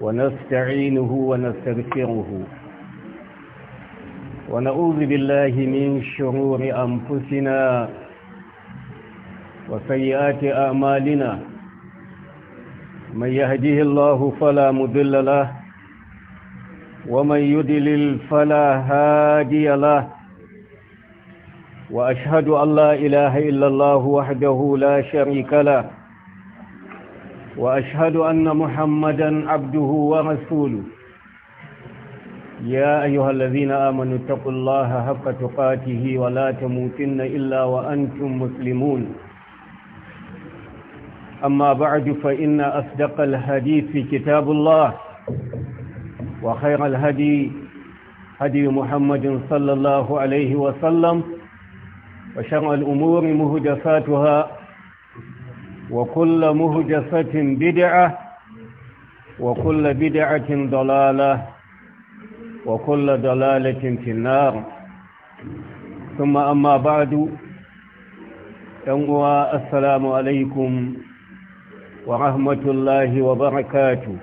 ونستعينه ونستغفره ونعوذ بالله من شرور أنفسنا وسيئات أعمالنا من يهديه الله فلا مضل له ومن يدلل فلا هادي له وأشهد أن لا إله إلا الله وحده لا شريك له وأشهد أن محمدا عبده ورسوله يا أيها الذين آمنوا اتقوا الله حق تقاته ولا تموتن إلا وأنتم مسلمون أما بعد فإن أصدق الحديث كتاب الله وخير الهدي هدي محمد صلى الله عليه وسلم وشرع الأمور مهدفاتها وكل مهجسة بدعة وكل بدعة ضلالة وكل ضلالة في النار ثم أما بعد أنوى السلام عليكم ورحمة الله وبركاته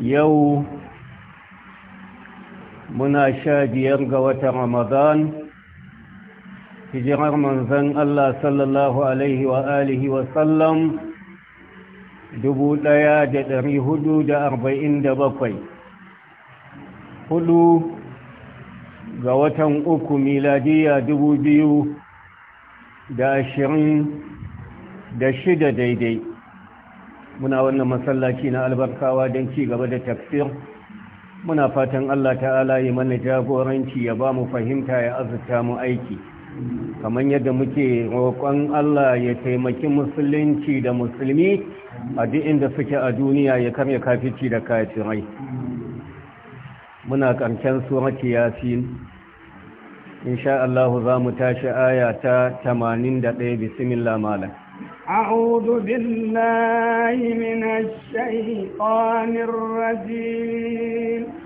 يوم منا شادي يرقى رمضان hijirar manzan Allah sallallahu Alaihi wa alihi da 1447 hudu ga watan uku miladiya biyu da shida daidai muna wannan masallaci na albarkawa don ci gaba da tafsir muna fatan Allah ta'ala yi mana jagoranci ya ba mu fahimta ya azurta mu aiki kamar yadda muke roƙon Allah ya taimaki musulunci da musulmi a duk inda suke a duniya ya karya kafici da kafirai muna ƙarshen surati yasin insha Allah za mu tashi aya ta 81 bismillah malam أعوذ بالله من الشيطان الرجيم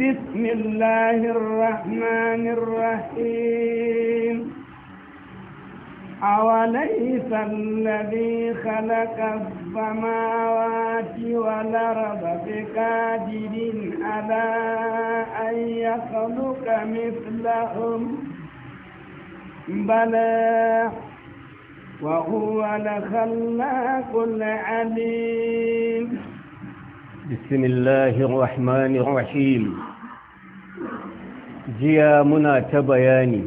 بسم الله الرحمن الرحيم أوليس الذي خلق السماوات والأرض بقادر على أن يخلق مثلهم بلى وهو لخلاق العليم بسم الله الرحمن الرحيم جيا منا تبياني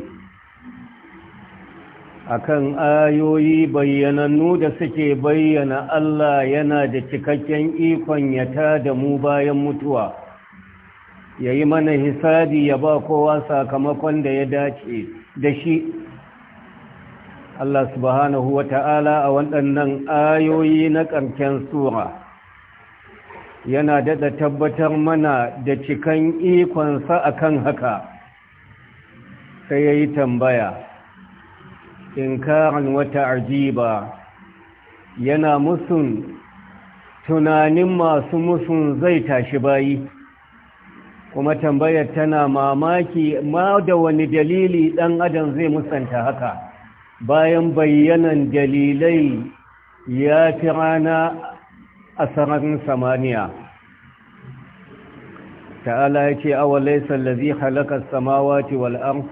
akan ayoyi bayyanannu da suke bayyana Allah yana da cikakken ikon ya da mu bayan mutuwa ya yi mana hisabi ya ba kowa sakamakon da ya dace da shi Allah subhanahu wa ta'ala a waɗannan ayoyi na ƙarshen sura yana daɗa tabbatar mana da cikan ikonsa akan haka sai ya yi tambaya In inkarin wata ajiba yana musun tunanin masu musun zai tashi bayi kuma tambayar tana mamaki ma da wani dalili ɗan adam zai musanta haka bayan bayyanan dalilai ya fi rana a sararin samaniya ta'ala ya ce awa laisa lazi halakar ce wal'am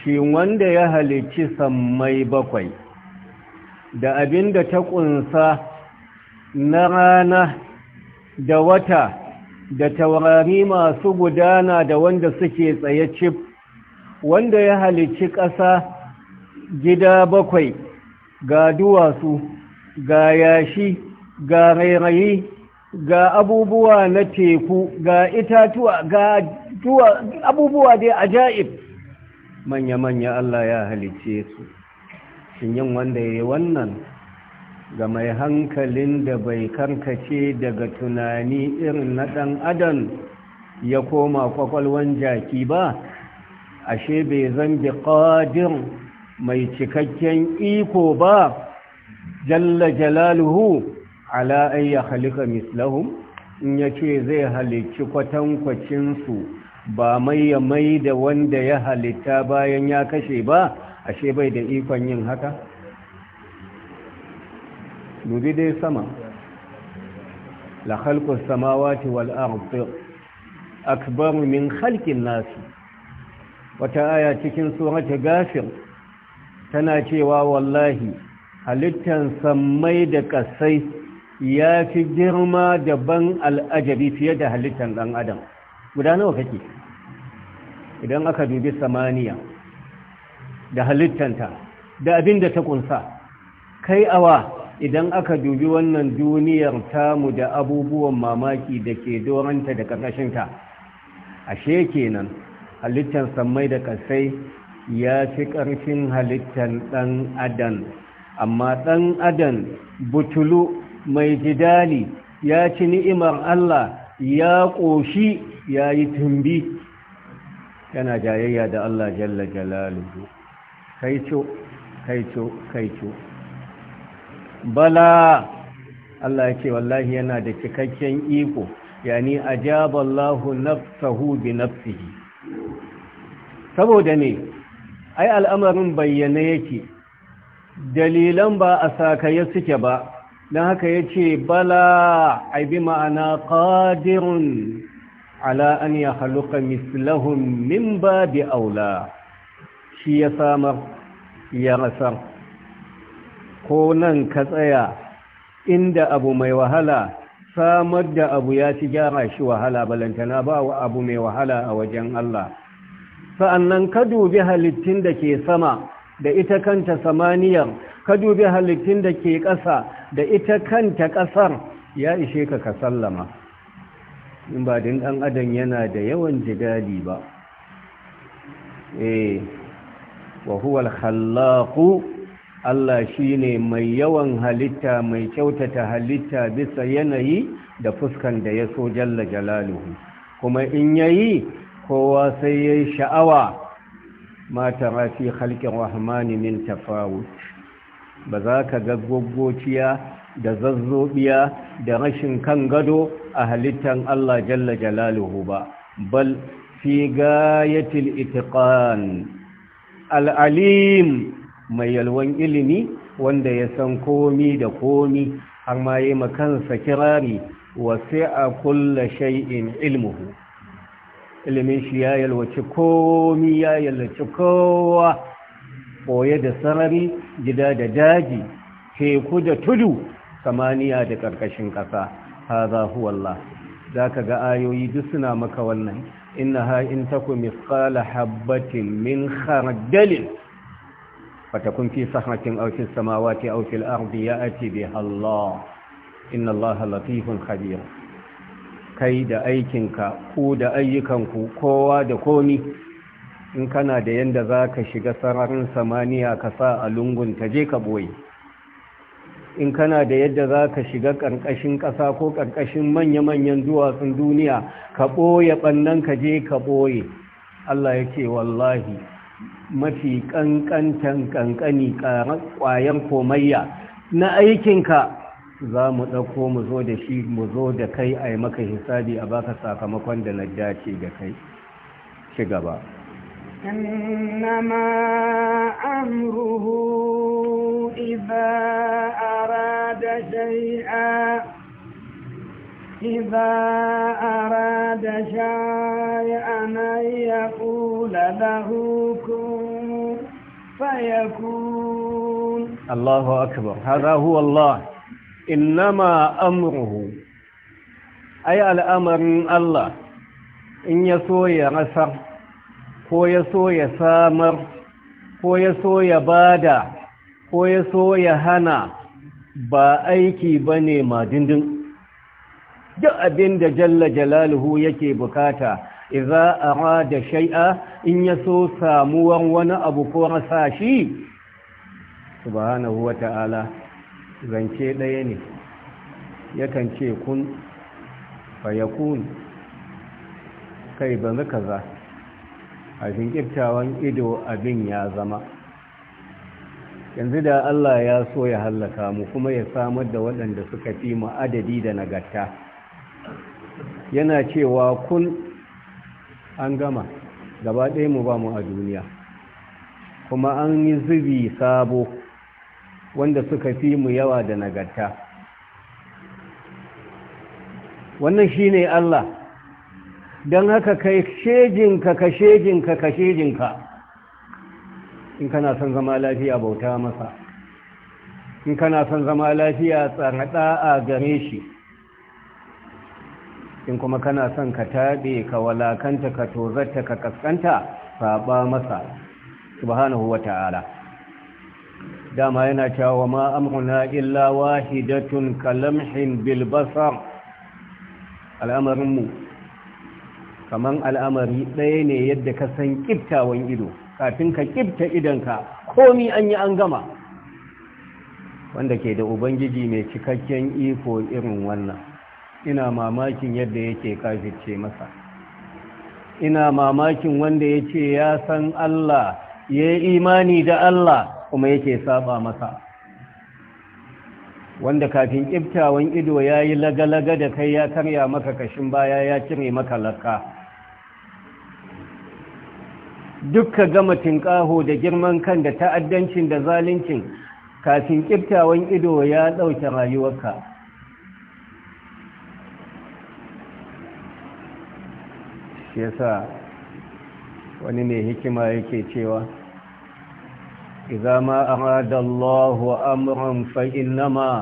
shi wanda ya halicci sammai bakwai da abin da ta ƙunsa na rana da wata da taurari masu gudana da wanda suke tsaye cif wanda ya halicci ƙasa gida bakwai ga duwatsu ga yashi ga rairayi ga abubuwa na teku ga itatuwa ga abubuwa dai ajaib manya-manya Allah ya halice su shin yin wanda ya yi wannan ga mai hankalin da bai karkace daga tunani irin na ɗan adam ya koma kwakwalwan jaki ba ashe bai zambi ƙadir mai cikakken iko ba jalla jalaluhu ala an ya halika mislahum in ya ce zai halicci kwatankwacinsu ba mai ya mai da wanda ya halitta bayan ya kashe ba ashe bai da ikon yin haka dubi dai sama la khalqus samawati wal ardi akbar min khalqin nas wata aya cikin surata gafir tana cewa wallahi halittan samai da kasai ya fi girma daban ban al'ajabi fiye da halittar ɗan adam guda nawa kake idan aka dubi samaniya da halittanta da abin da ta kunsa kai awa idan aka dubi wannan duniyar tamu da abubuwan mamaki da ke doranta da ƙarƙashinta ashe kenan halittar sammai da ƙasai ya fi ƙarfin halittar ɗan adam amma ɗan adam butulu mai jidali ya ci ni'imar Allah ya ƙoshi ya yi tumbi yana jayayya da Allah jalla jalaluhu kaico kaico kaico bala Allah ya ce wallahi yana da cikakken iko yani ajaballahu nafsahu bi nafsihi saboda ne ai al'amarin bayyana yake dalilan ba a sakaye suke ba don haka ya ce bala bi ma'ana ƙadirun ala an ya haluka mislahun min ba bi aula shi ya samar ya rasar ko nan ka tsaya inda abu mai wahala samar da abu ya ci gyara shi wahala balantana ba wa abu mai wahala a wajen Allah sa'annan ka dubi halittun da ke sama da ita kanta samaniyar ka dubi halittun da ke ƙasa da ita kanta ƙasar ya ishe ka ka sallama in ba din ɗan adam yana da yawan jidali ba eh wa huwa al-khallaqu Allah shine mai yawan halitta mai kyautata halitta bisa yanayi da fuskan da ya so jalla jalaluhu kuma in yayi kowa sai yayi sha'awa ma tara fi khalqi rahmani min tafawut ba za ka ga gwaggociya da zazzobiya da rashin kan gado a halittar Allah jalla jalaluhu ba bal fi gayatil itiqan al'alim mai yalwan ilimi wanda ya san komi da komi har ma yi makansa kirari wasu a kulla shay'in ilmuhu ilimin shi ya yalwaci komi ya yalwaci kowa boye da sarari gida da daji teku da tudu samaniya da ƙarƙashin ƙasa haza huwallah za ka ga ayoyi duk suna maka wannan innaha in taku misqala habbatin min khardalin fatakun fi sahratin aw fis samawati aw fil ya ya'ti bi Allah inna Allah latifun khabir kai da aikinka ku da ayyukanku kowa da komi in kana da yadda za ka shiga sararin samaniya ka sa a lungun ka je ka boye in kana da yadda za ka shiga ƙarƙashin ƙasa ko ƙarƙashin manya-manyan duwatsun duniya ka ɓoye ɓannan ka je ka ɓoye Allah ya ce wallahi mafi ƙanƙantan ƙanƙani ƙwayar komayya na aikinka za mu ɗauko mu zo da shi mu zo da kai a yi maka hisabi a baka sakamakon da na dace da kai shiga gaba إنما أمره إذا أراد شيئا إذا أراد شيئا أن يقول له كن فيكون الله أكبر هذا هو الله إنما أمره أي الأمر الله إن يسوي رسر ko ya so ya samar ko ya so ya bada ko ya so ya hana ba aiki ba ne ma dindin duk abin da jalla jalaluhu yake bukata iza arada shai'a in ya so samuwar wani abu ko rasa shi subhanahu wa ta'ala zance ɗaya ne yakan ce kun fayakun kai ba kaza kafin ƙiftawan ido abin ya zama yanzu da Allah ya so ya hallaka mu kuma ya samar da waɗanda suka fi mu adadi da nagarta yana cewa kun an gama gaba ɗaya mu ba mu a duniya kuma an yi zubi sabo wanda suka fi mu yawa da nagarta wannan shine Allah don haka kai shejinka ka shejinka ka shejinka in kana son zama lafiya bauta masa in kana son zama lafiya tsarada a gare shi in kuma kana son ka taɓe ka walakanta ka tozarta ka kaskanta saba masa subhanahu wa ta'ala dama yana cewa ma amruna illa wahidatun kalamhin bilbasar al'amarinmu kaman al'amari ɗaya ne yadda ka san ƙiftawan ido kafin ka ƙifta idanka komi an yi an gama wanda ke da ubangiji mai cikakken iko irin wannan ina mamakin yadda yake kafice masa ina mamakin wanda ya ce ya san Allah ya yi imani da Allah kuma yake saba masa wanda kafin ƙiftawan ido ya yi lagalaga da kai ya karya maka kashin baya ya cire maka lakka dukka gama tinƙaho da girman kan da ta'addancin da zalincin kafin ƙiftawan ido ya ɗauke rayuwarka shi yasa wani mai hikima yake cewa ma إذا ما أراد الله ya فإنما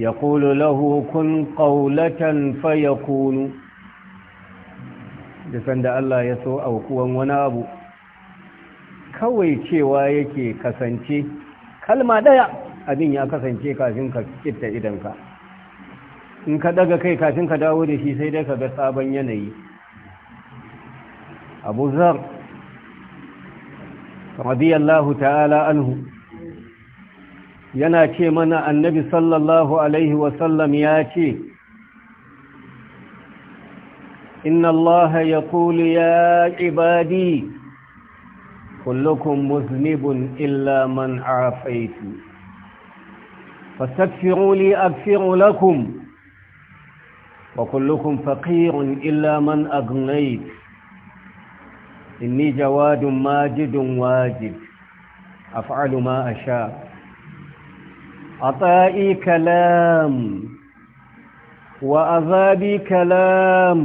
يقول له كن قولة kunu. da sanda Allah ya so aukuwan wani abu kawai cewa yake kasance kalma daya abin ya kasance kafin ka kitta idanka in ka daga kai kafin ka dawo da shi sai dai ka ga sabon yanayi abu zar radiyallahu ta'ala anhu yana ce mana annabi sallallahu alaihi wasallam ya ce إن الله يقول يا عبادي كلكم مذنب إلا من عافيت فاستغفروا لي أغفر لكم وكلكم فقير إلا من أغنيت إني جواد ماجد واجد أفعل ما أشاء عطائي كلام وأذابي كلام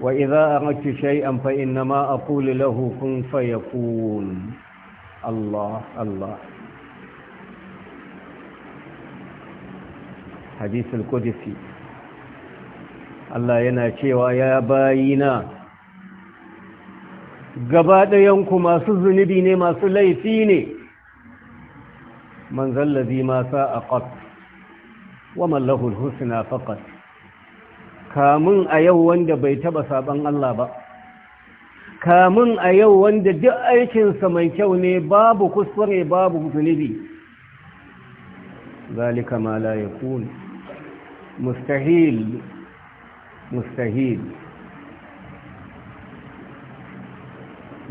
وإذا أردت شيئا فإنما أقول له كن فيكون الله الله حديث القدسي الله يناشي ويا باينا قباد ينكم أسزنبيني ما سليسيني من ذا الذي ما ساء قط ومن له الحسنى فقط kamun a yau wanda bai taba saban Allah ba kamun a yau wanda duk aikinsa mai kyau ne babu kuskure babu zunubi zalika ma la yakun mustahil mustahil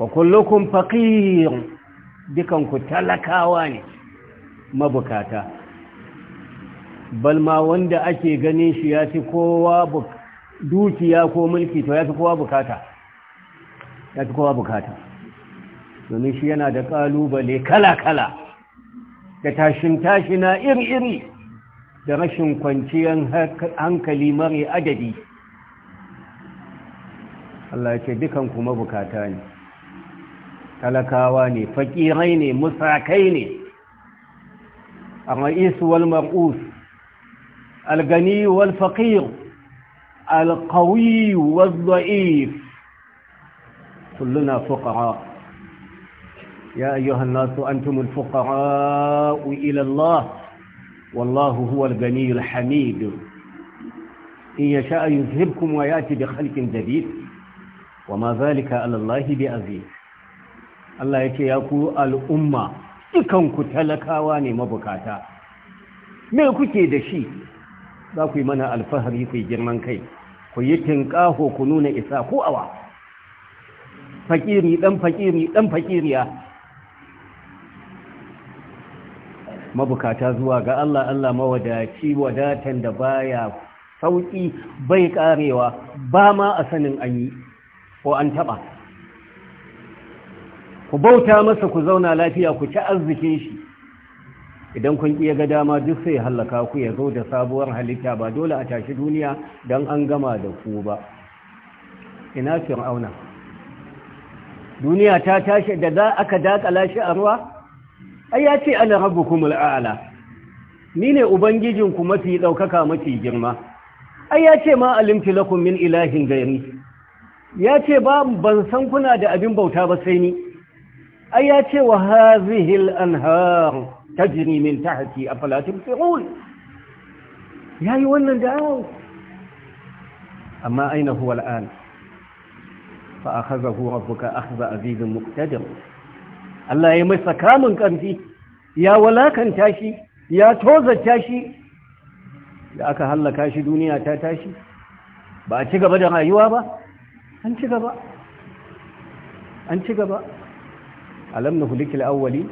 wa kullukum faqir dukan ku talakawa ne mabukata balma wanda ake ganin shi ya fi kowa dukiya ko mulki to ya fi kowa bukata ya fi kowa bukata domin shi yana da kalubale kala-kala da tashin-tashina iri-iri da rashin kwanciyar hankali mare adadi Allah ya ce dukan kuma bukata ne talakawa ne fakirai ne musakai ne a ra'isu wal mar'us الغني والفقير القوي والضعيف كلنا فقراء يا أيها الناس أنتم الفقراء إلى الله والله هو الغني الحميد إن يشاء يذهبكم ويأتي بخلق جديد وما ذلك على الله بأزيز الله يكي يقول الأمة dukanku talakawa ne مبكاتا ما kuke da za ku yi mana alfahari kai girman kai ku yi tinƙaho ku nuna isa ko awa fakiri dan fakiri dan fakiriya mabukata zuwa ga Allah Allah mawadaci wadatan da baya sauƙi bai ƙarewa ba ma a sanin an yi ko an taɓa ku bauta masa ku zauna lafiya ku ci arzikin shi idan kun ya ga dama duk sai hallaka ku ya zo da sabuwar halitta ba dole a tashi duniya don an gama da ku ba ina auna? duniya ta tashi da za aka dakala shi a ruwa ai ya ce ana rabbukumul a'la ni ne ubangijinku mafi ɗaukaka mafi girma ai ya ce ma alimti lakum min ilahin gari. ya ce ba ban san kuna da abin bauta ba sai ni ai ya ce wa hazihil anhar تجري من تحت أفلا تنفعون يا أيها الناس أما أين هو الآن فأخذه ربك أخذ أزيد مقتدر ألا يمس كامن كان فيه يا ولا كان تاشي يا توزا تاشي يا أكهل كاشي دنيا تاشي بأتك بدر أيها با أنتك أيوة با أنتك با ألم نهلك الأولين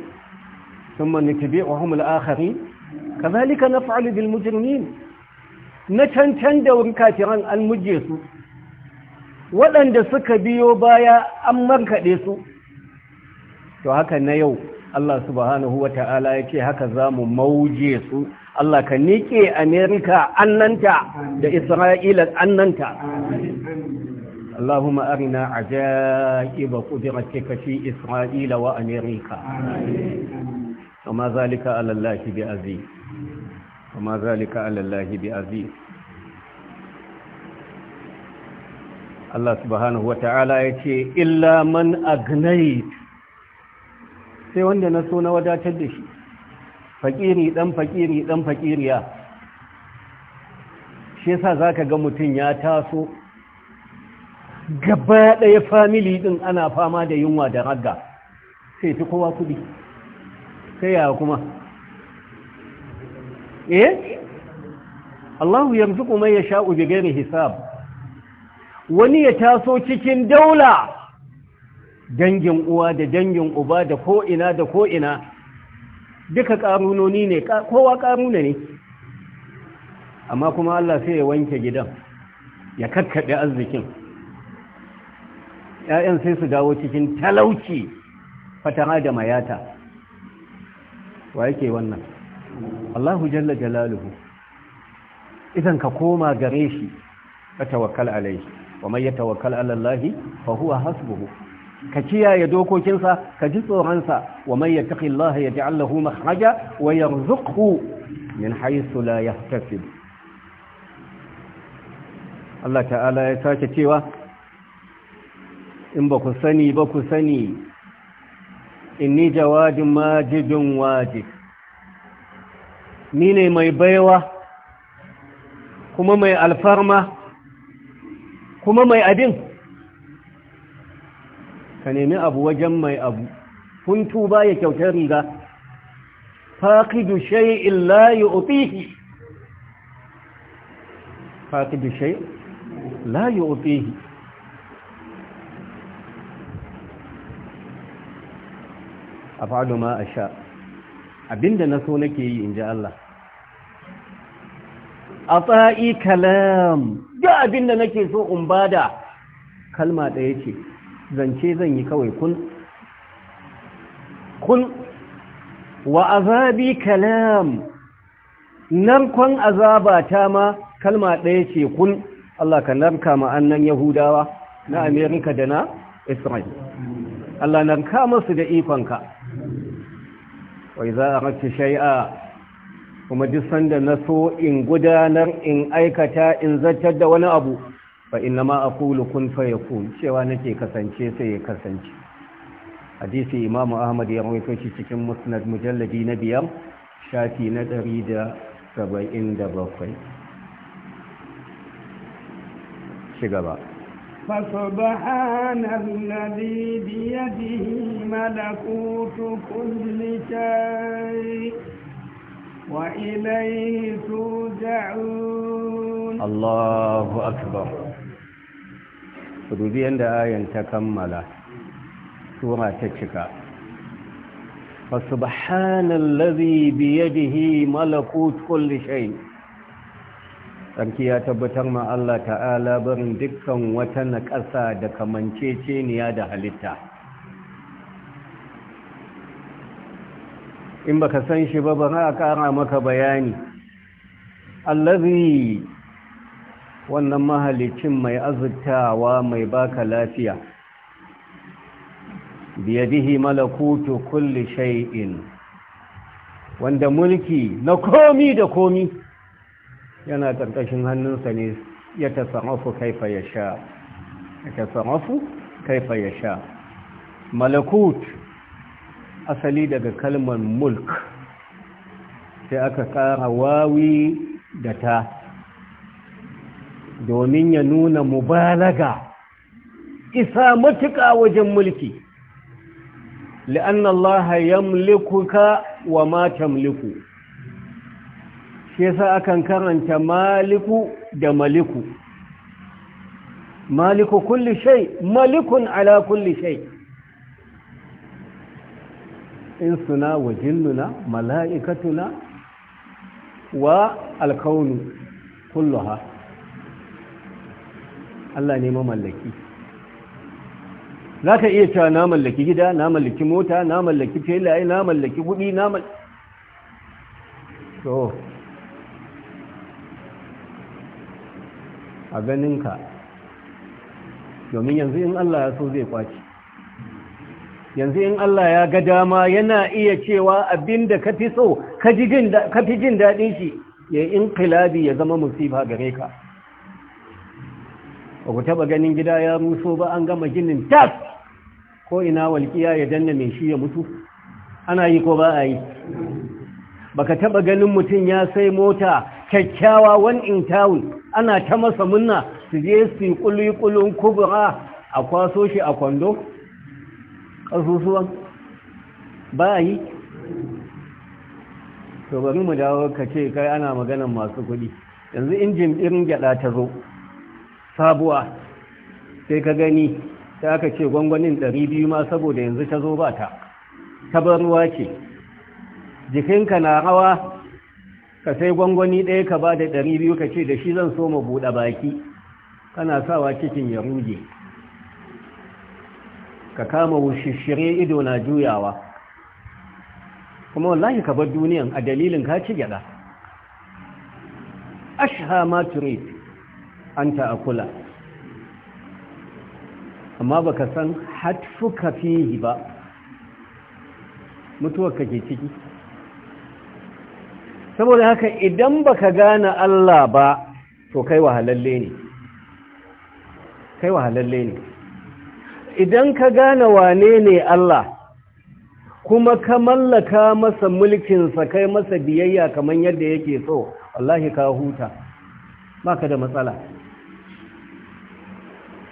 ثم نتبعهم الاخرين كذلك نفعل بالمجرمين نتنتن an muje su waɗanda suka biyo baya an markaɗe su to haka na yau Allah subhanahu wa ta'ala ya ce haka za mu mauje su Allah ka niƙe Amerika annanta da Isra'ila annanta Allahumma arina ajaiba ƙudirar ce ka fi Isra'ila wa Amerika amma zalika alallahi bi aziz amma zalika alallahi bi aziz Allah subhanahu wata'ala yace illa man agnait sai wanda na so na wadatar da shi fakiri dan fakiri dan fakiriya shi yasa zaka ga mutun ya taso gaba ɗaya family din ana fama da yunwa da ragga sai ta kowa kudi Sai ya kuma eh Allahu kuma man yasha'u bighairi hisab wani ya taso cikin daula dangin uwa da dangin uba da ko ina da ko ina duka karunoni ne kowa karuna ne amma kuma Allah sai ya wanke gidan ya kakkaɗe arzikin ‘ya'yan sai su dawo cikin talauci adama da mayata wa yake wannan Allahu jalla jalaluhu idan ka koma gare shi ka tawakkal alai wa man yatawakkal ala Allah fa huwa hasbuhu ka kiyaye dokokinsa ka ji tsoronsa wa man yattaqi Allah yaj'al lahu makhraja wa yarzuqhu min haythu la yahtasib Allah ta'ala ya sake cewa in ba ku sani ba ku sani inni jawadin majidun waje? ni ne mai baiwa kuma mai alfarma kuma mai abin ka nemi abu wajen mai abu kuntu ba ya kyautar riga faqidu shay'in la yu'tihi faqidu shay'in la yu'tihi af'alu ma asha abinda naso nake yi ji Allah atsa'i kalam ga abinda nake so in bada kalma ɗaya ce zance zan yi kawai kun kun wa azabi kalam narkon azabata ma kalma ɗaya ce kun Allah ka narka ma'annan Yahudawa na Amerika da na Isra'il. Allah narka masu da ikonka. wai za a rafi shai'a kuma duk sanda na so in gudanar in aikata in zartar da wani abu fa inna ma aqulu kun fayakun cewa nake kasance sai ya kasance hadisi imam ahmad ya rawaito shi cikin musnad mujalladi na biyar shafi na da 177 shi gaba فسبحان الذي بيده ملكوت كل شيء وإليه ترجعون الله أكبر rubi yadda ayan ta kammala sura ta cika fa subhanallazi biyadihi malakut sarki ya tabbatar ma Allah ta'ala barin dukkan wata naƙasa da kamanceceniya da halitta in baka san shi ba ba a ƙara maka bayani allazi wannan mahalicin mai azurtawa mai baka lafiya biyadihi malakutu kulli shay'in wanda mulki na komi da komi yana ƙarƙashin hannunsa ne ya tasarrafu kaifa ya sha ya tasarrafu kaifa ya sha malakut asali daga kalmar mulk sai aka ƙara wawi da ta domin ya nuna mubalaga isa matuƙa wajen mulki li'annallaha Allah yamlikuka wa ma tamliku shi yasa akan karanta maliku da maliku maliku kulli shay malikun ala kulli shay insuna wa jinnuna mala'ikatuna wa alkaunu kulluha Allah ne mamallaki za ka iya cewa na mallaki gida na mallaki mota na mallaki filaye na mallaki kudi na mallaki a ganinka domin yanzu in Allah ya so zai kwaci yanzu in Allah ya ga dama yana iya cewa abinda ka fi so ka fi jin daɗin shi ya yi inqilabi ya zama musifa gare ka ba ku taɓa ganin gida ya ruso ba an gama ginin tas ko ina walƙiya ya danna mai shi ya mutu ana yi ko ba a yi baka taɓa ganin mutum ya sai mota kyakkyawa wani in ana ta masa munna su je su yi kulikulun kubra a kwaso shi a kwando ƙasusuwan ba yi to bari mu dawo ka ce kai ana maganan masu kuɗi yanzu injin irin gyaɗa ta zo sabuwa sai ka gani ta aka ce gwangwanin biyu ma saboda yanzu ta zo ba ta tabarwa ce jikinka na rawa ka sai gwangwani ɗaya ka ba da ɗari biyu ka ce da shi zan so ma buɗe baki kana sawa cikin ya ruge ka kama wushishire ido na juyawa kuma wallahi ka bar duniyan a dalilin ka ci gyada ashha ma turid an ta'akula amma baka san hatfuka fihi ba mutuwar kake ke ciki saboda haka idan baka gane Allah ba to kai wahalalle ne kai wahalalle ne idan ka gane wane ne Allah kuma ka mallaka masa mulkinsa kai masa biyayya kamar yadda yake so wallahi ka huta baka da matsala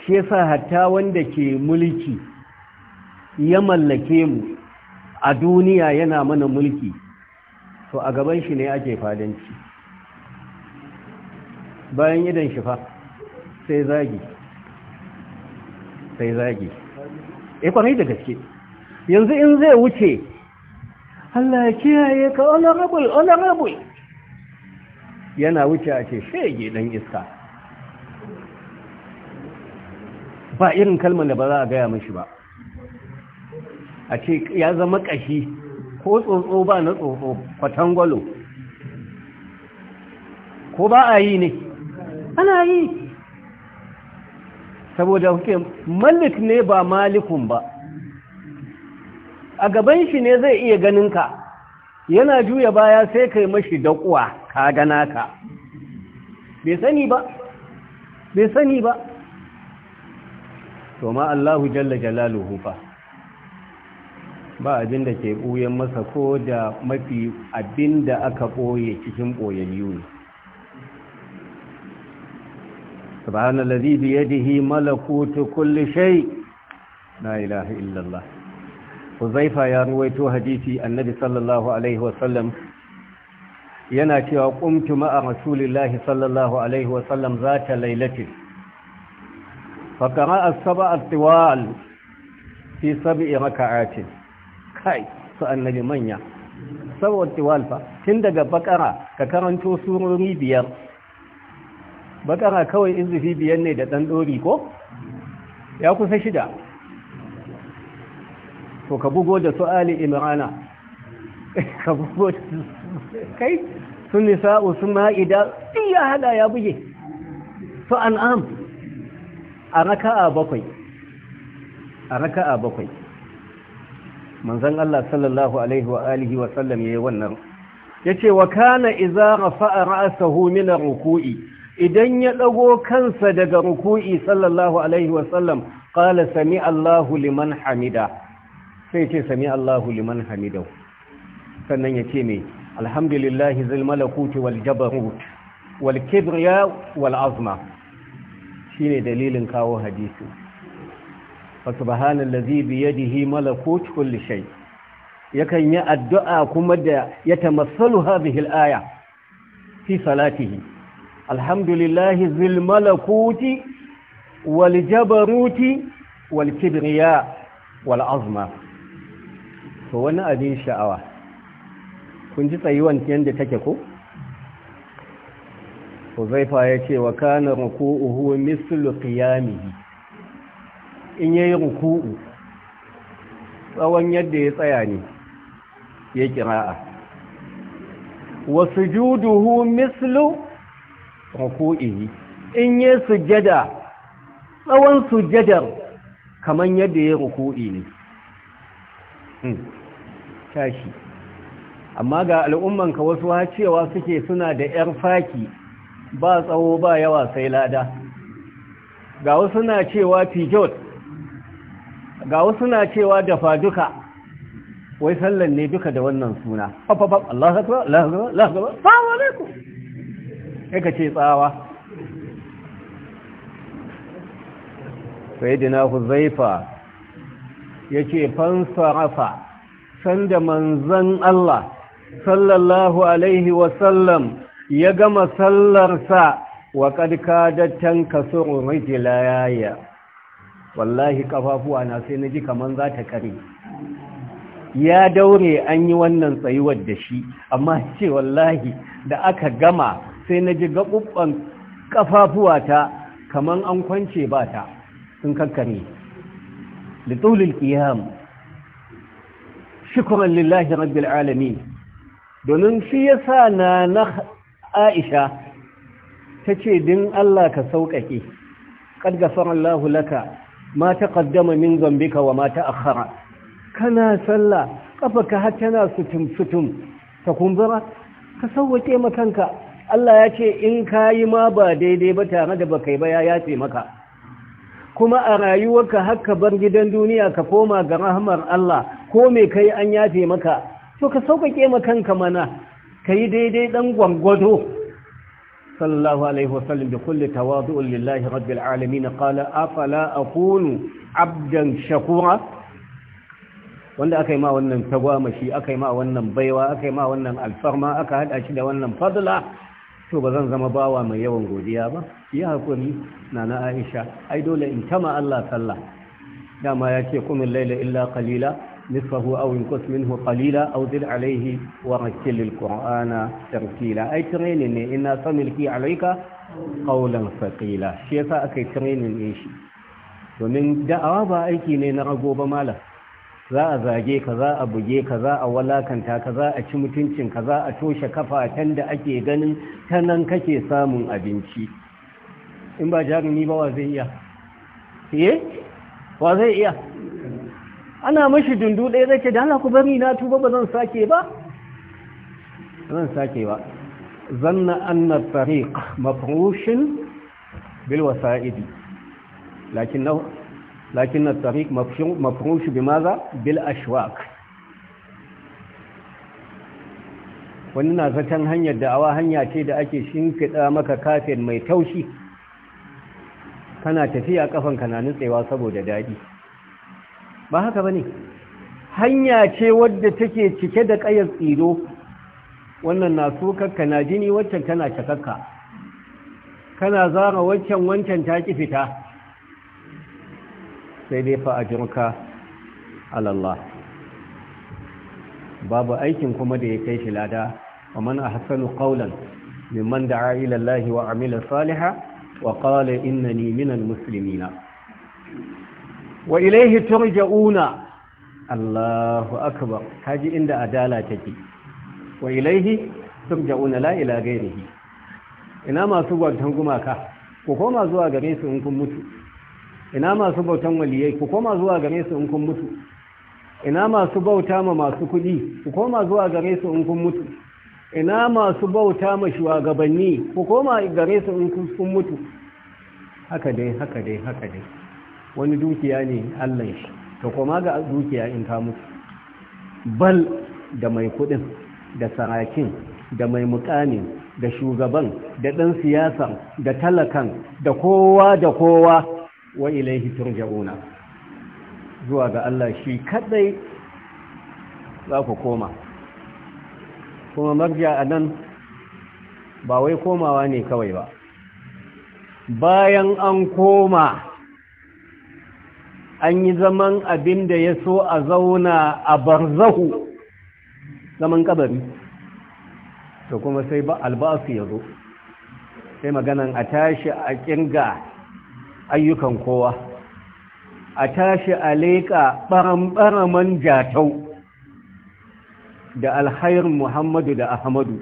shi yasa hatta wanda ke mulki ya mallake mu a duniya yana mana mulki to a gaban shi ne ake fadanci bayan idan shi fa sai zagi sai zagi e da gaske yanzu in zai wuce Allah ya kiyaye ka honorable honorable yana wuce a ce shege dan iska ba irin kalmar da ba za a gaya mashi ba a ce ya zama kashi ko tsotso ba na tsotso kwatangwalo ko ba a yi ne ana yi saboda kuke malik ne ba malikun ba a gaban shi ne zai iya ganin ka. yana juya baya sai kai mashi dakuwa ka gana ka bai sani ba bai sani ba to ma Allahu jalla jalaluhu fa ba abin da ke ɓuyen masa ko da mafi abin da aka ɓoye cikin ɓoyayyu ne subhanan lazi biyadihi malakutu kulli shay la ilaha illallah Huzaifa ya ruwaito hadisi annabi sallallahu alaihi wa sallam yana cewa qumtu ma'a rasulillahi sallallahu alaihi wasallam zata lailatin fa qara'a as-sab'a at-tiwal fi sab'i raka'atin kai su annabi manya saboda tiwalfa tun daga bakara ka karanto surori biyar bakara kawai izufi biyar ne da dan dori ko ya kusa shida to ka bugo da su ali imrana ka bugo da su kai sun nisa'u sun ma'ida ya hada ya buge su an'am a raka'a bakwai a raka'a bakwai manzon Allah sallallahu alaihi wa alihi wa sallam yayi wannan yace wa kana idza rafa'a min ruku'i idan ya dago kansa daga ruku'i sallallahu alaihi wa sallam qala sami Allahu liman hamida sai ce sami Allahu liman hamida sannan yace me alhamdulillahi zil malakuti wal jabarut wal kibriya wal azma shine dalilin kawo hadisi فسبحان الذي بيده ملكوت كل شيء يكن يا الدعاء كما يتمثل هذه الآية في صلاته الحمد لله ذي الملكوت والجبروت والكبرياء والعظمى فوانا أدين شعوة كنت تأيوان تيند تككو وزيفا يتي وكان ركوءه مثل قيامه in ya yi ruku'u tsawon yadda ya tsaya ne ya kira'a wasu juduhu mislu ruku'i in ya sujada, tsawon sujadar kamar yadda ya ruku'i ne hmm. tashi amma ga al'ummanka wasu ha suke suna da 'yar faki ba tsawo ba yawa sai lada ga wasu na cewa pijot ga wasu na cewa dafa duka wai sallan ne duka da wannan suna fafafaf Allah akbar Allah akbar Allah akbar salamu alaikum sai ka ce tsawa sayyidina huzaifa ce fansarafa sanda manzan Allah sallallahu alaihi wasallam ya gama sallarsa wa can kadattan kasuru rijlaya wallahi kafafuwa na sai na ji kaman za ta kare ya daure an yi wannan tsayuwar da shi amma ce wallahi da aka gama sai na ji kafafuwa ta kaman an kwance ba ta sun kakkare litulil qiyam shukran lillahi rabbil alamin domin shi yasa na na Aisha tace din Allah ka sauƙaƙe qad Allahu laka ma ƙaddama min zambika wa ma ta'akhkhara kana sallah kafaka har tana sutum sutum ta kumbura ka sauwake makanka Allah ya ce in kayi ma ba daidai ba tare da yi ba ya yace maka kuma a rayuwarka haka bar gidan duniya ka koma ga rahmar Allah ko me yi an yace maka to ka sauƙaƙe makanka mana yi daidai ɗan gwangwado صلى الله عليه وسلم بكل تواضع لله رب العالمين قال أفلا أكون wanda aka yi ma wannan tagwamashi aka yi ma wannan baiwa aka yi ma wannan alfarma aka haɗa shi da wannan fadla to ba zan zama bawa mai yawan godiya ba ya hakuri Nana aisha ai dole in tama allah sallah dama ya ce kumin laila illa qalila نصفه أو ينقص منه قليلا أو زد عليه ورتل القرآن ترتيلا أي ترينني إنا سنلقي عليك قولا ثقيلا شيفا أكي ترينن إيشي domin da'awa ba aiki ne na rago ba malam za a zage ka za a buge ka za a walakanta ka za a ci mutuncin ka za a toshe kafatan da ake ganin ta nan kake samun abinci in ba jarumi ba wa zai iya? Eh? wa zai iya? ana mashi dundu ɗaya zai ce da Allah ku bari na tuba ba zan sake ba zan sake ba zanna anna tariq mafrushin bil wasa'idi lakin na tariq mafrush bimaza bil ashwaq wani na zaton hanyar da'awa hanya ce da ake shimfiɗa maka kafin mai taushi kana tafiya kafan kana nutsewa saboda daɗi ba haka ba ne hanya ce wadda take cike da ƙayar tsiro wannan na sokakka na jini waccan tana cakakka kana zara waccan wancan ta ki fita sai dai fa ajruka alallah babu aikin kuma da ya kai shi lada wa man ahsanu qawlan mimman da'a ila Allah wa amila salihan wa qala innani minal muslimina wa ilaihi turja'una Allahu akbar kaji inda adala take wa ilaihi turja'una la ila ghairihi ina masu bautan gumaka ku koma zuwa gare su in kun mutu ina masu bautan waliyai ku koma zuwa gare su in kun mutu ina masu bauta ma masu kuɗi ku koma zuwa gare su in kun mutu ina masu bauta ma shugabanni ku koma gare su in kun mutu haka dai haka dai haka dai wani dukiya ne allah shi to kuma ga dukiya in ka mutu bal da mai kudin da sarakin da mai mukamin da shugaban da ɗan siyasa da talakan da kowa da kowa wa ilaihi turja'una zuwa ga Allah shi kadai za ku koma kuma marja a nan ba wai komawa ne kawai ba bayan an koma an yi zaman abin da ya so a zauna a barzahu zaman kabari to kuma sai ba albasu ya zo sai maganan a tashi a kirga ayyukan kowa a tashi a leƙa ɓaramɓaraman jatau da alhair muhammadu da ahmadu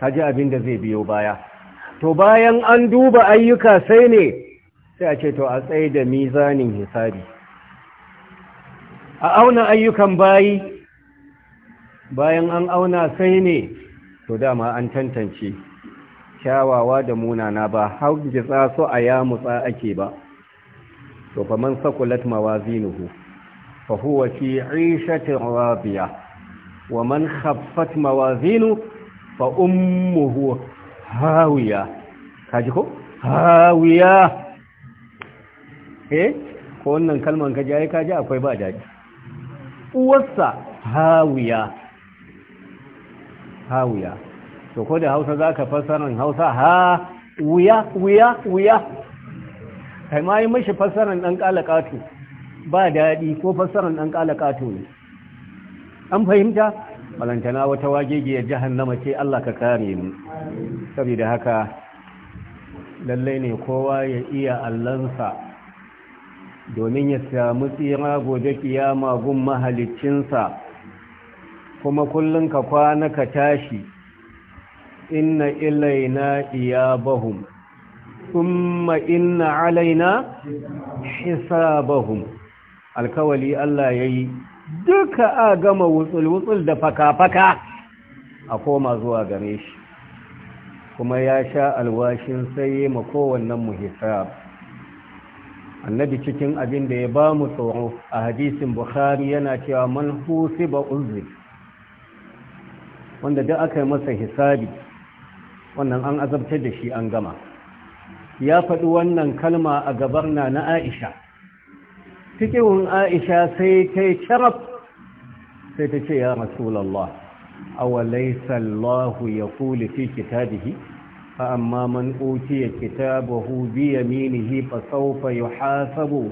kaji abin da zai biyo baya to bayan an duba ayyuka sai ne sai a ce to a tsaye da mizanin hisabi a auna ayyukan bayi bayan an auna sai ne to dama an tantance kyawawa da munana ba har jitsa su a yamutsa ake ba to fa man sakulat mawazinuhu fa huwa fi 'ishati rabiya wa man khaffat mawazinuhu fa ummuhu hawiya kaji ko hawiya eh ko wannan kalman ka jaye ka ji akwai ba daɗi uwarsa hawiya hawiya to ko da hausa zaka ka hausa ha wuya wuya wuya kai ma yi mashi fassarar ɗan ba daɗi ko fassara ɗan kalakatu ne an fahimta balantana wata wagegiyar jahannama ce Allah ka kare mu saboda haka lallai ne kowa ya iya allansa domin ya samu tsira gobe kiyama gun mahalicinsa kuma kullum ka kwana ka tashi inna ilaina iyabahum thumma inna alaina hisabahum alkawali Allah yayi duka a gama wutsul-wutsul da faka-faka a koma zuwa gare shi kuma ya sha alwashin sai ma kowannen mu hisab annabi cikin abin da ya ba mu tsoro a hadisin bukhari yana cewa man ba uzri wanda da aka yi masa hisabi wannan an azabtar da shi an gama ya faɗi wannan kalma a gabarna na aisha cikin aisha sai ta yi sharaf sai ta ce ya rasulallah awalaisa allahu ya kuli fi kitabihi فأما من أوتي كتابه بيمينه فسوف يحاسب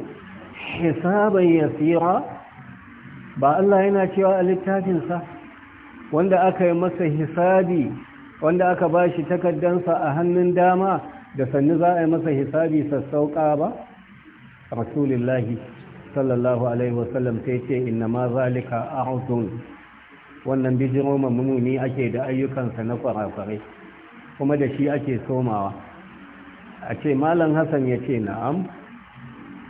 حسابا يسيرا با الله yana cewa a littafinsa wanda aka yi masa hisabi wanda aka bashi takaddansa a hannun dama da sannu za a yi masa hisabi sassauka ba rasulullahi sallallahu alaihi wasallam sai ce inna mazalika a a'udun wannan bijiro mamuni ake da ayyukansa na kwarafarai kuma da shi ake somawa a ce malam hassan ya ce na'am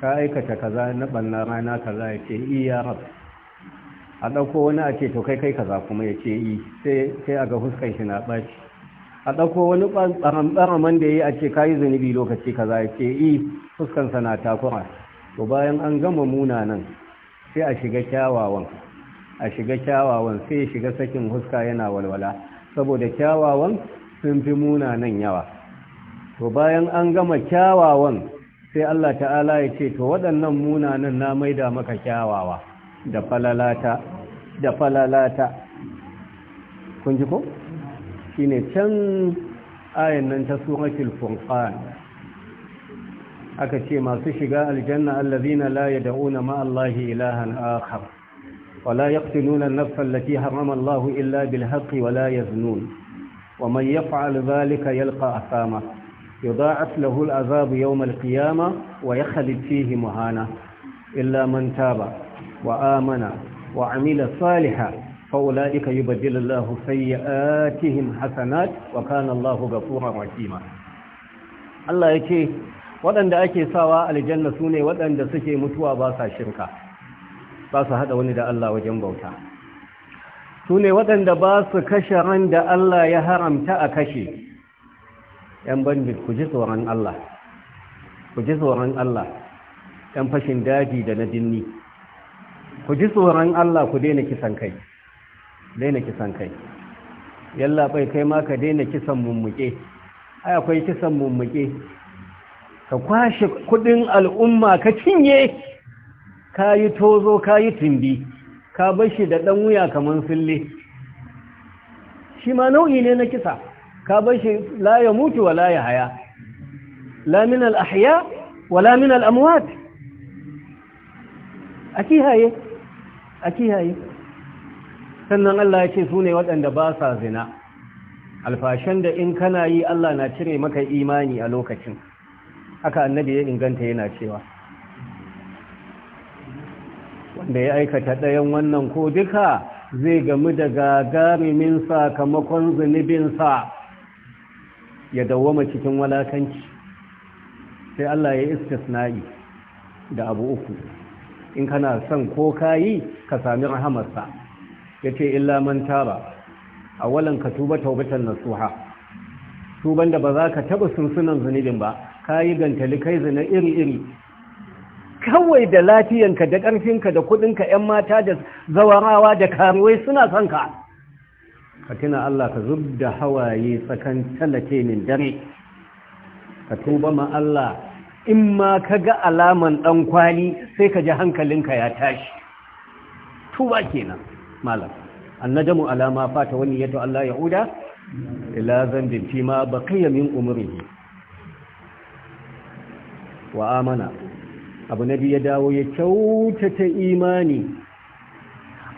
ka aikata kaza na banna rana kaza ya ce ya rab a ɗauko wani a ce to kai kai kaza kuma ya ce yi sai a ga huskan shi na ɓaci a ɗauko wani ɓaramɓaraman da ya yi a ce ka yi zunubi lokaci kaza ya ce yi Huskansa na takura to bayan an gama munanan sai a shiga kyawawan a shiga kyawawan sai shiga sakin huska yana walwala saboda kyawawan sun fi munanan yawa to bayan an gama kyawawan sai Allah ta'ala ya ce to waɗannan munanan na maida maka kyawawa da falalata da falalata kun ji ko shine can ayan nan ta suratul furqan aka ce masu shiga aljanna allazina la yad'una ma Allahi ilahan akhar wala yaqtuluna an-nafsa allati harrama Allahu illa bil haqqi wala yaznun ومن يفعل ذلك يلقى أثاما يضاعف له العذاب يوم القيامة ويخلد فيه مهانا إلا من تاب وآمن وعمل صالحا فأولئك يبدل الله سيئاتهم حسنات وكان الله غفورا رحيما الله يكي waɗanda ake sawa aljanna su ne waɗanda suke mutuwa ba sa shirka ba su haɗa wani da Allah wajen bauta su ne waɗanda ba su kashe ran da Allah ya haramta a kashe ‘yan bandit ku ji tsoron Allah ku ji tsoron Allah ‘yan fashin daji da na dinni ku ji tsoron Allah ku daina kisan kai daina kisan kai yalla bai kai ma ka daina kisan mummuke ai akwai kisan mummuke ka kwashe kudin al'umma ka cinye ka yi tozo ka yi tumbi ka bar da ɗan wuya kamar fille shi ma nau'i ne na kisa ka bar la ya mutu wa la ya haya la min al-ahya wa la min al-amwat a kihaye a kihaye sannan Allah ya ce su ne waɗanda ba sa zina Alfashan da in kana yi Allah na cire maka imani a lokacin haka annabi ya inganta yana cewa da ya aikata ɗayan wannan ko duka zai gami da gagarumin sakamakon zunubinsa ya dawoma cikin walakanci sai Allah ya istisna'i da abu uku in kana son ko kayi ka sami rahamarsa yace illa man tara awalan ka tuba taubatan nasuha tuban da ba za ka taba sunsunan zunubin ba kayi gantali kai zina iri iri kawai da lafiyanka da ƙarfinka da kuɗinka 'yan mata da zawarawa da karuwai suna son ka ka tuna Allah ka zub da hawaye tsakan talake min dare ka tuba ma Allah in ma ka ga alaman ɗan kwali sai ka ji hankalinka ya tashi tuba kenan malam annajamu alama fata wani yato Allah yahuda ila zambin fi ma ba kayyamin umrihi wa amana abu na biyu ya dawo ya kyautata imani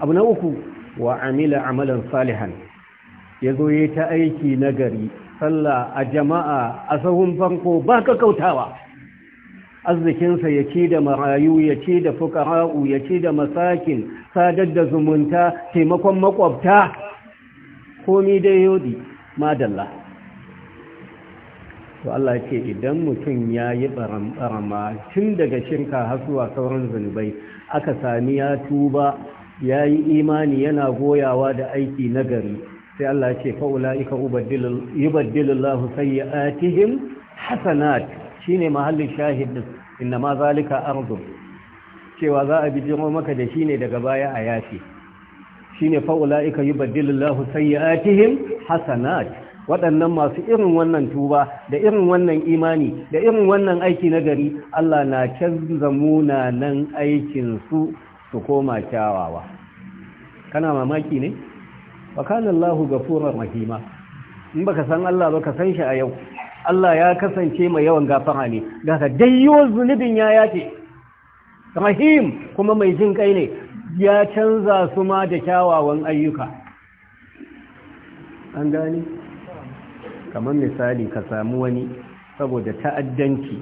abu na uku wa amila amalan salihan ya zo ya ta aiki na gari sallah a jama'a a sahun farko ba ka kautawa arzikinsa ya ce da marayu ya ce da fukara'u ya ce da masakin sadar da zumunta taimakon makwabta komi dai yodi madalla to Allah ce idan mutum ya yi barama tun daga shirka har zuwa sauran zunubai aka sami ya tuba ya yi imani yana goyawa da aiki nagari sai Allah ce fa'ula'ika yubaddilullahu sayyi'atihim hasanat shine mahallin shahid inna ma zalika ardu cewa za a bijiro maka da shine daga baya a yafi shine fa'ula'ika yubaddilullahu sayyi'atihim hasanat waɗannan masu irin wannan tuba da irin wannan imani da irin wannan aiki na gari Allah na canza munanan aikinsu su koma kyawawa kana mamaki ne wa Allah Allahu rahima in baka san Allah ba ka san shi a yau Allah ya kasance mai yawan gafara ne daga dayyo zunubin ya yace rahim kuma mai jin kai ne ya canza su ma da kyawawan ayyuka an gani kamar misali ka samu wani saboda ta'addanci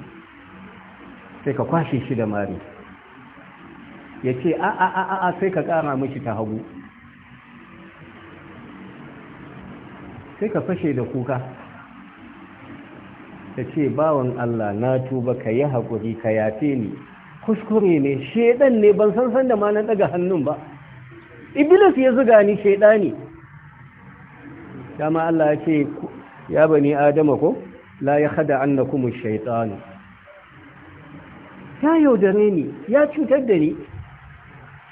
sai ka kwashe shi da mari ya ce a a a a sai ka kara mashi ta hagu sai ka fashe da kuka ta ce bawan Allah na tuba ka yi haƙuri ka yafe ni kuskure ne shaidan ne ban san san da ma na daga hannun ba iblis ya zuga ni shaidani dama Allah ya ce ya bani adama ko la ya hada annakum ash-shaytan ya yaudare ni ya cutar da ni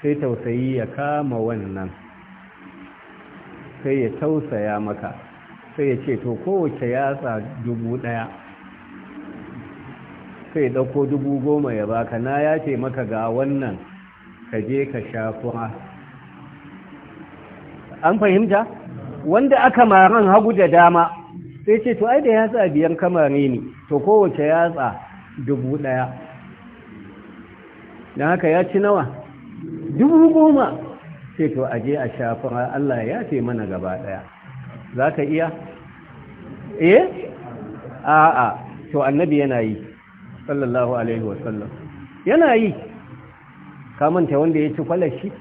sai tausayi ya kama wannan sai ya tausaya maka sai ya ce to kowace yatsa dubu ɗaya sai ɗauko dubu goma ya baka na ya ce maka ga wannan ka je ka sha kuma an fahimta wanda aka maran hagu da dama sai ce to ai da yatsa biyan kamare ne to kowace yatsa dubu ɗaya don haka ya ci nawa dubu goma sai to aje a shafin Allah ya ce mana gaba daya za ka iya? eh? a'a to annabi yana yi sallallahu alaihi wasallam yana yi kamanta wanda ya ci kwalashi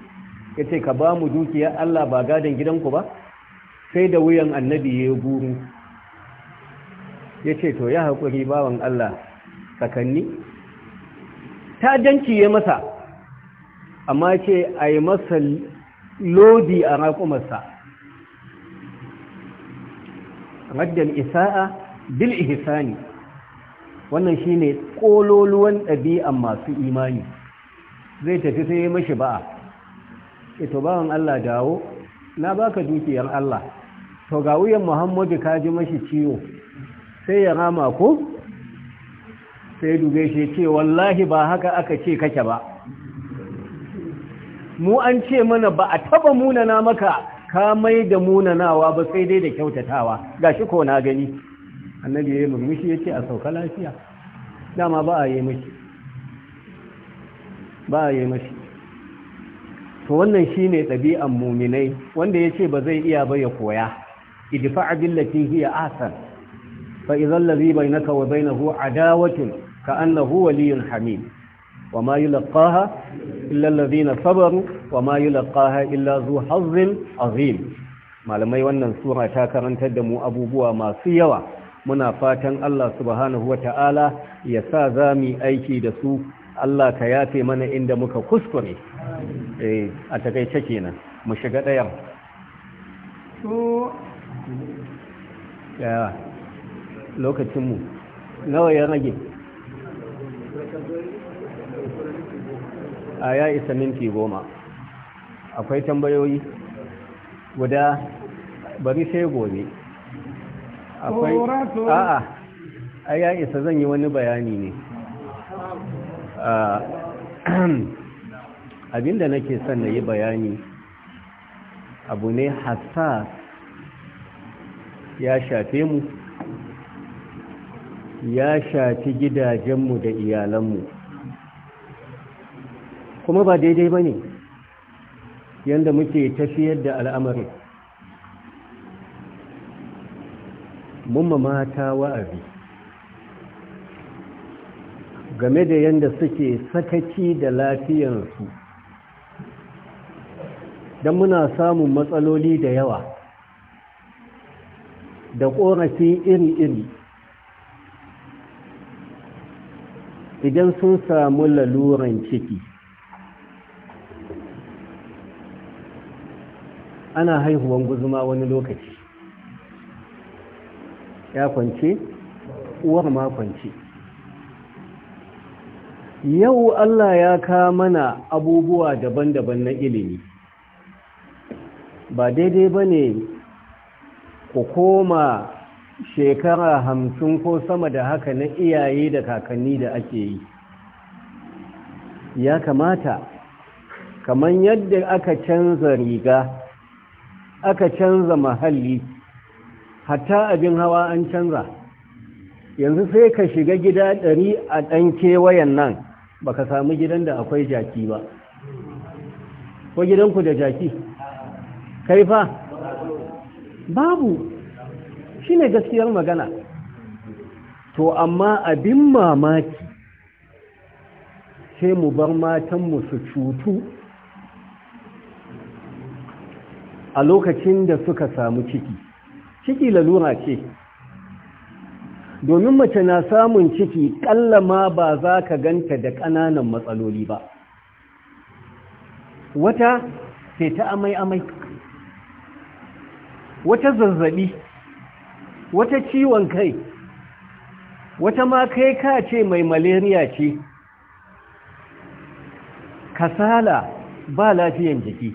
ya ce ka ba mu dukiya Allah ba gadon gidanku ba sai da wuyan annabi ya yi guru ya ce to ya haƙuri bawan Allah sakanni ta ya masa amma ce a yi masa lodi a raƙumarsa raddal isa'a bil ihsani wannan shi ne ƙololuwan ɗabi'an masu imani zai tafi sai ya mashi ba'a ito bawan Allah dawo na baka dukiyar Allah to ga wuyan Muhammadu ka ji mashi ciwo sai ya rama ko sai dube shi ce wallahi ba haka aka ce kake ba mu an ce mana ba a taba munana maka ka mai da munanawa ba sai dai da kyautatawa gashi ko na gani annabi ya yi murmushi ya ce a sauka lafiya dama ba a yi mashi ba a yi mashi to wannan shi ne ɗabi'an muminai wanda ya ce ba zai iya ba ya koya idifa abin lati hiya asan فإذا الذي بينك وبينه عداوة كأنه ولي حميم وما يلقاها إلا الذين صبروا وما يلقاها إلا ذو حظ عظيم malamai wannan sura ta karantar da mu abubuwa masu yawa muna fatan Allah subhanahu ta'ala ya sa za mu aiki da su Allah ka yafe mana inda muka kuskure eh a takaice kenan mu shiga ɗayan. ya lokacinmu nawa ya rage a ya isa minti goma akwai tambayoyi guda bari sai gobe akwai a'a a ya isa zan yi wani bayani ne abinda nake son na yi bayani abu ne hassas ya shafe mu ya shafi gidajenmu da iyalanmu kuma ba daidai ba ne yadda muke tafiyar da al'amarin mumma mata wa'azi game da yadda suke sakaci da lafiyansu don muna samun matsaloli da yawa da ƙorafi iri-iri idan sun samu laluran ciki ana haihuwan guzuma wani lokaci ya kwance uwar ma kwance yau Allah ya ka mana abubuwa daban-daban na ilimi ba daidai ba ne ku koma shekara hamsin ko sama da haka na iyaye da kakanni da ake yi ya kamata kamar yadda aka canza riga aka canza mahalli hatta abin hawa an canza yanzu sai ka shiga gida ɗari a ɗan kewayen nan baka samu gidan da akwai jaki ba ko gidanku da jaki kai fa babu Shi ne gaskiyar magana to amma abin mamaki sai mu bar matan mu su cutu a lokacin da suka samu ciki ciki lalura ce domin mace na samun ciki ma ba za ka ganta da ƙananan matsaloli ba wata sai ta amai-amai wata zazzabi wata ciwon kai wata ma kai ka ce mai malaria ce kasala ba lafiyan jiki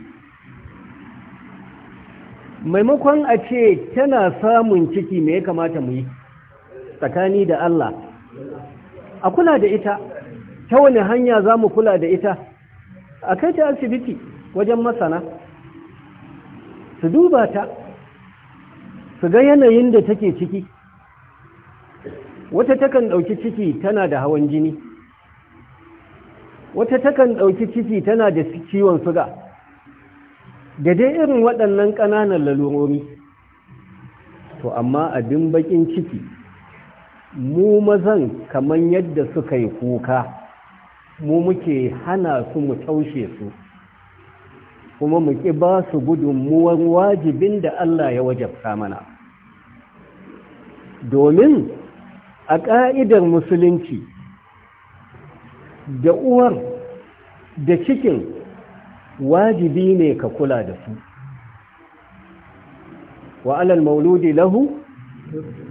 maimakon a ce tana samun ciki me ya kamata mu yi tsakani da Allah a kula da ita ta wani hanya za mu kula da ita a kai ta asibiti wajen masana su duba ta su ga yanayin da take ciki wata takan ɗauki ciki tana da hawan jini wata takan ɗauki ciki tana da ciwon suga da dai irin waɗannan ƙananan lalurori to amma abin baƙin ciki mu mazan kamar yadda suka yi kuka mu muke hana su mu taushe su kuma mu ƙi ba su gudunmuwan wajibin da Allah ya wajabta mana domin a ƙa'idar musulunci da uwar da cikin wajibi ne ka kula da su wa alal mauludi lahu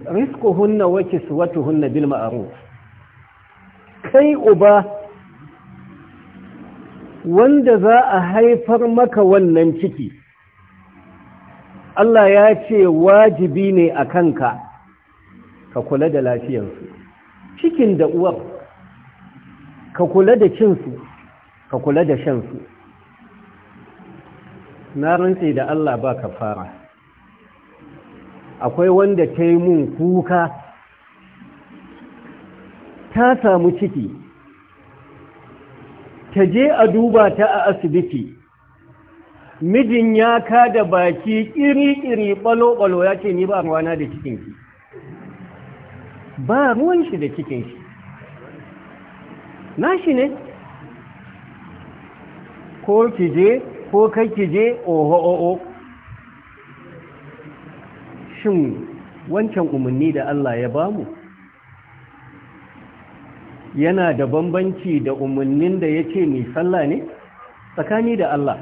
rizquhunna wa kiswatuhunna bil ma'aruf kai uba wanda za a haifar maka wannan ciki Allah ya ce wajibi ne a kanka ka kula da lafiyarsu cikin da uwar ka kula da cinsu ka kula da shansu na rantse da Allah ba ka fara akwai wanda ta yi mun kuka ta samu ciki ta je a duba ta a asibiti mijin ya ka da baki kiri-kiri balo-balo ya ce ni ba ruwana da cikinki ba ruwan shi da cikinki shi ne ko ki je, ko kai ki je oho-oho shin wancan umarni da Allah ya ba mu? yana da bambanci da umarnin da ya ce mai sallah ne tsakani da Allah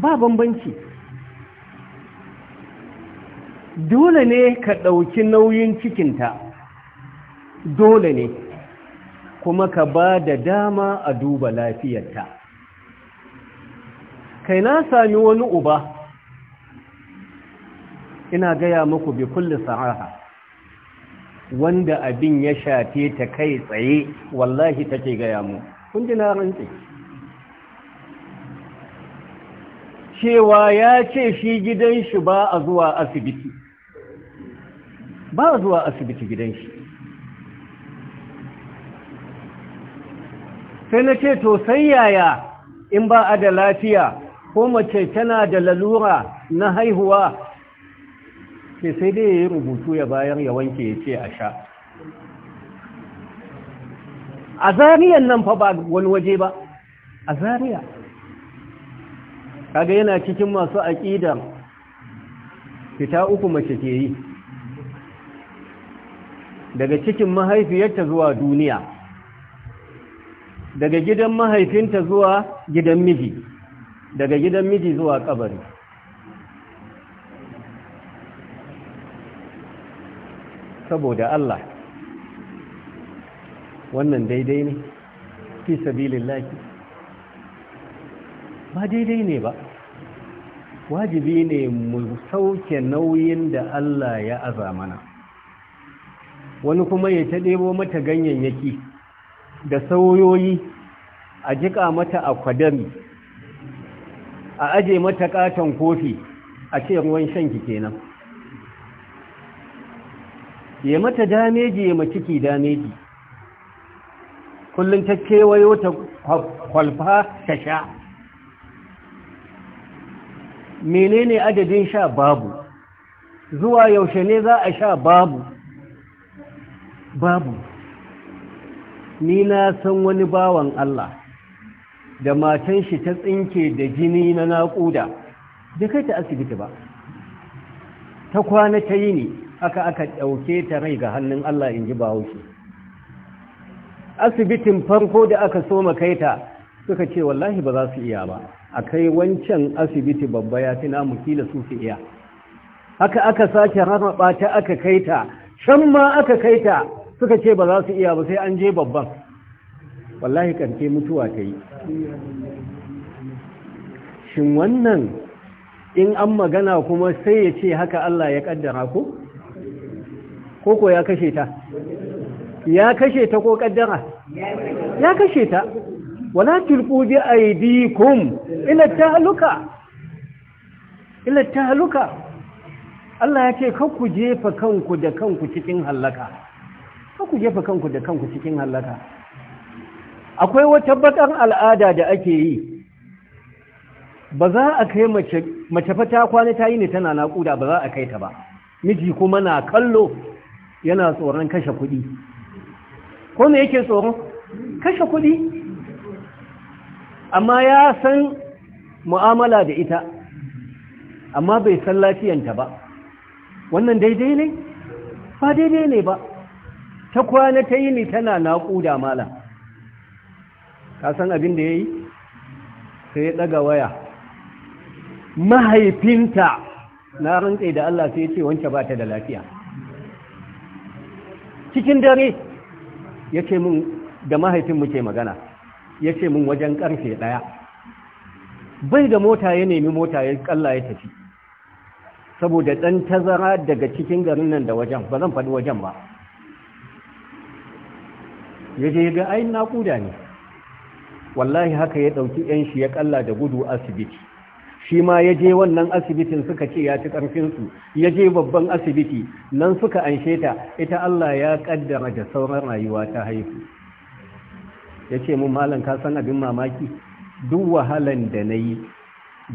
ba bambanci dole ne ka ɗauki nauyin cikinta dole ne kuma ka ba da dama a duba lafiyarta kai na sami wani uba ina gaya muku bi kulle sa'aha wanda abin ya shafe ta kai tsaye wallahi take gaya mu kun ji na rantsi cewa ya ce shi gidan shi ba a zuwa asibiti ba a zuwa asibiti gidan shi sai na ce to sai yaya in ba a da lafiya ko mace tana da lalura na haihuwa ce sai dai ya yi rubutu ya bayar ya wanke ya ce a sha a zariyan nan fa ba wani waje ba a zariya kaga yana cikin masu aƙidar fita uku mace ke yi daga cikin mahaifiyarta zuwa duniya daga gidan mahaifinta zuwa gidan miji daga gidan miji zuwa kabari saboda Allah wannan daidai ne fi laki, ba daidai ne ba wajibi ne mu sauke nauyin da Allah ya aza mana wani kuma ya ta ɗebo mata ganyayyaki da sauyoyi a jiƙa mata a kwadami a aje mata ƙaton kofi a ce ruwan shanki kenan ya mata dameji ya ki dameji kullum ta kewayo ta kwalfa ta sha menene adadin sha babu zuwa yaushe ne za a sha babu babu ni na san wani bawan Allah da matan shi ta tsinke da jini na naƙuda da kai ta asibiti ba ta kwana ta yi ne haka aka ɗauke ta rai ga hannun Allah in ji bahaushe asibitin farko da aka so makaita suka ce wallahi ba za su iya ba a wancan asibiti babba ya fi namu kila su su iya haka aka sake rarraba ta aka kaita shan ma aka kaita suka ce ba za su iya ba sai an je babban wallahi karke mutuwa ta yi shin wannan in an magana kuma sai ya ce haka Allah ya ƙaddara ku Koko ya kashe ta ya kashe ta ko kaddara ya kashe ta wala tulqu bi aydikum ila tahluka ila tahluka Allah ya ce ku jefa kanku da kanku cikin halaka ku jefa kanku da kanku cikin halaka akwai wata bakan al'ada da ake yi ba za a kai mace mace fata kwana ta yi ne tana naƙuda ba za a kai ta ba miji kuma na kallo yana tsoron kashe kuɗi ko me yake tsoron kashe kuɗi amma ya san mu'amala da ita amma bai san lafiyanta ba wannan daidai ne ba daidai ne ba ta kwana ta yi ni tana naƙuda mala ka san abin da ya yi sai ya ɗaga waya mahaifinta na rantse da Allah sai ce wance ba ta da lafiya cikin dare ya ce mun da mahaifinmu ke magana ya ce mun wajen karfe ɗaya bai da mota ya nemi mota ya kalla ya tafi saboda ɗan tazara daga cikin garin nan da wajen ba zan faɗi wajen ba ya je ga ainihin naƙuda ne wallahi haka ya ɗauki 'yan shi ya ƙalla da gudu asibiti shi ma ya je wannan asibitin suka ce ya ci ƙarfinsu ya je babban asibiti nan suka anshe ta ita Allah ya ƙaddara da sauran rayuwa ta haifu ya ce mun malam ka san abin mamaki duk wahalan da na yi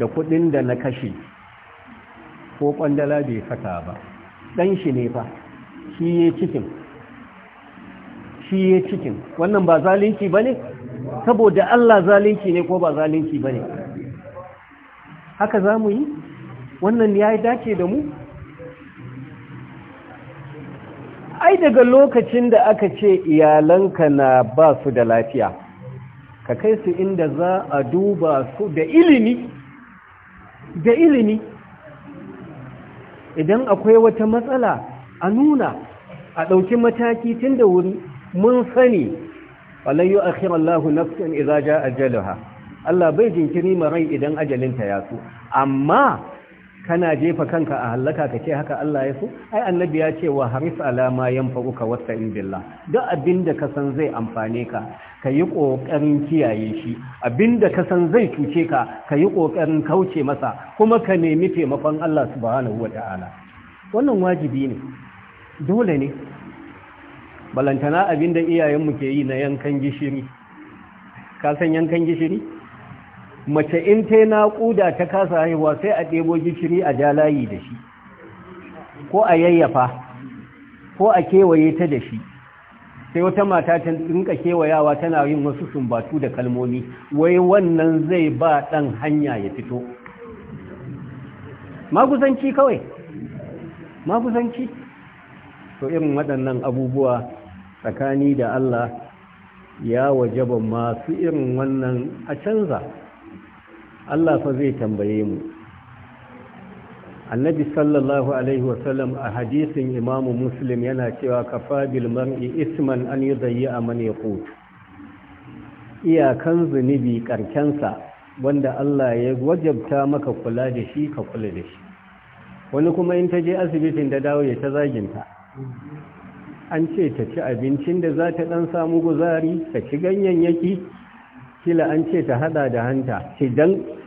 da kuɗin da na kashe ko ƙwandala bai saka ba ɗan shi ne fa shi ya cikin shi ya cikin wannan ba zalinki ba ne saboda Allah zalunci ne ko ba zalinki ba ne haka za mu yi wannan ya dace da mu ai daga lokacin da aka ce iyalanka na ba su da lafiya ka kai su inda za a duba su da ilimi da ilimi idan akwai wata matsala a nuna a ɗauki mataki tun da wuri mun sani walayyo akhirar Allah nafsin izaja a jalaha Allah bai jinkiri ma rai idan ajalinta ya so amma kana jefa kanka a hallaka ka ce haka Allah ya so ai annabi ya ce wa haris ala ma yanfa'uka in billah duk abinda ka san zai amfane ka kayi kokarin kiyaye shi abinda ka san zai cuce ka kayi kokarin kauce masa kuma ka nemi taimakon Allah subhanahu wata'ala wannan wajibi ne dole ne balantana abinda iyayenmu ke yi na yankan gishiri ka san yankan gishiri mace in ta naƙuda ta kasa haihuwa sai a ɗebo gishiri a ja layi da shi ko a yayyafa ko a kewaye ta da shi sai wata mata ta rinka kewayawa tana yin wasu sumbatu da kalmomi wai wannan zai ba ɗan hanya ya fito magusanci kawai to irin waɗannan abubuwa tsakani da Allah ya ba masu irin wannan a canza Allah fa zai tambaye mu annabi sallallahu alaihi wasallam a hadisin imamu muslim yana cewa kafa bil mar'i isman an yudayya man yaqut iyakan zunubi karkensa wanda Allah ya wajabta maka kula da shi ka kula da shi wani kuma in ta je asibitin da dawo ya ta zaginta an ce ta ci abincin da za ta dan samu guzari ta ci ganyayyaki kila an ce ta hada da hanta ki dan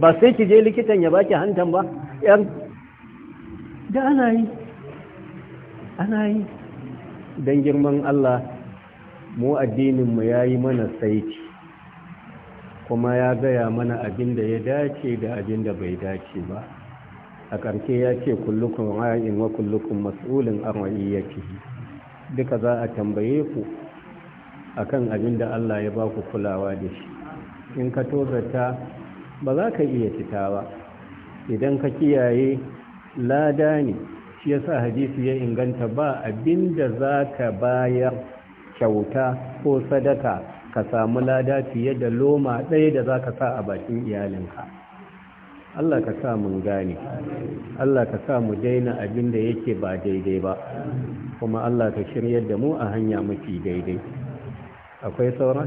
ba sai ki je likitan ya baki hantan ba yan da ana yi ana yi don girman Allah mu addininmu ya yi mana saiti kuma ya gaya mana abin da ya dace da abin da bai dace ba a ƙarshe ya ce kullukun ra'in wa kullukun mas'ulin arwa'iyyaki duka za a tambaye ku akan abin da Allah ya ba ku kulawa da shi in ka tozata ba za ka iya cika ba idan ka kiyaye lada ne shi ya sa hadisi ya inganta ba abin da za ka bayar kyauta ko sadaka ka samu lada fiye da loma ɗaya da za ka sa a bakin iyalinka Allah ka sa mun gane Allah ka sa mu daina abin da yake ba daidai ba kuma Allah ka shiryar da mu a hanya mafi daidai akwai sauran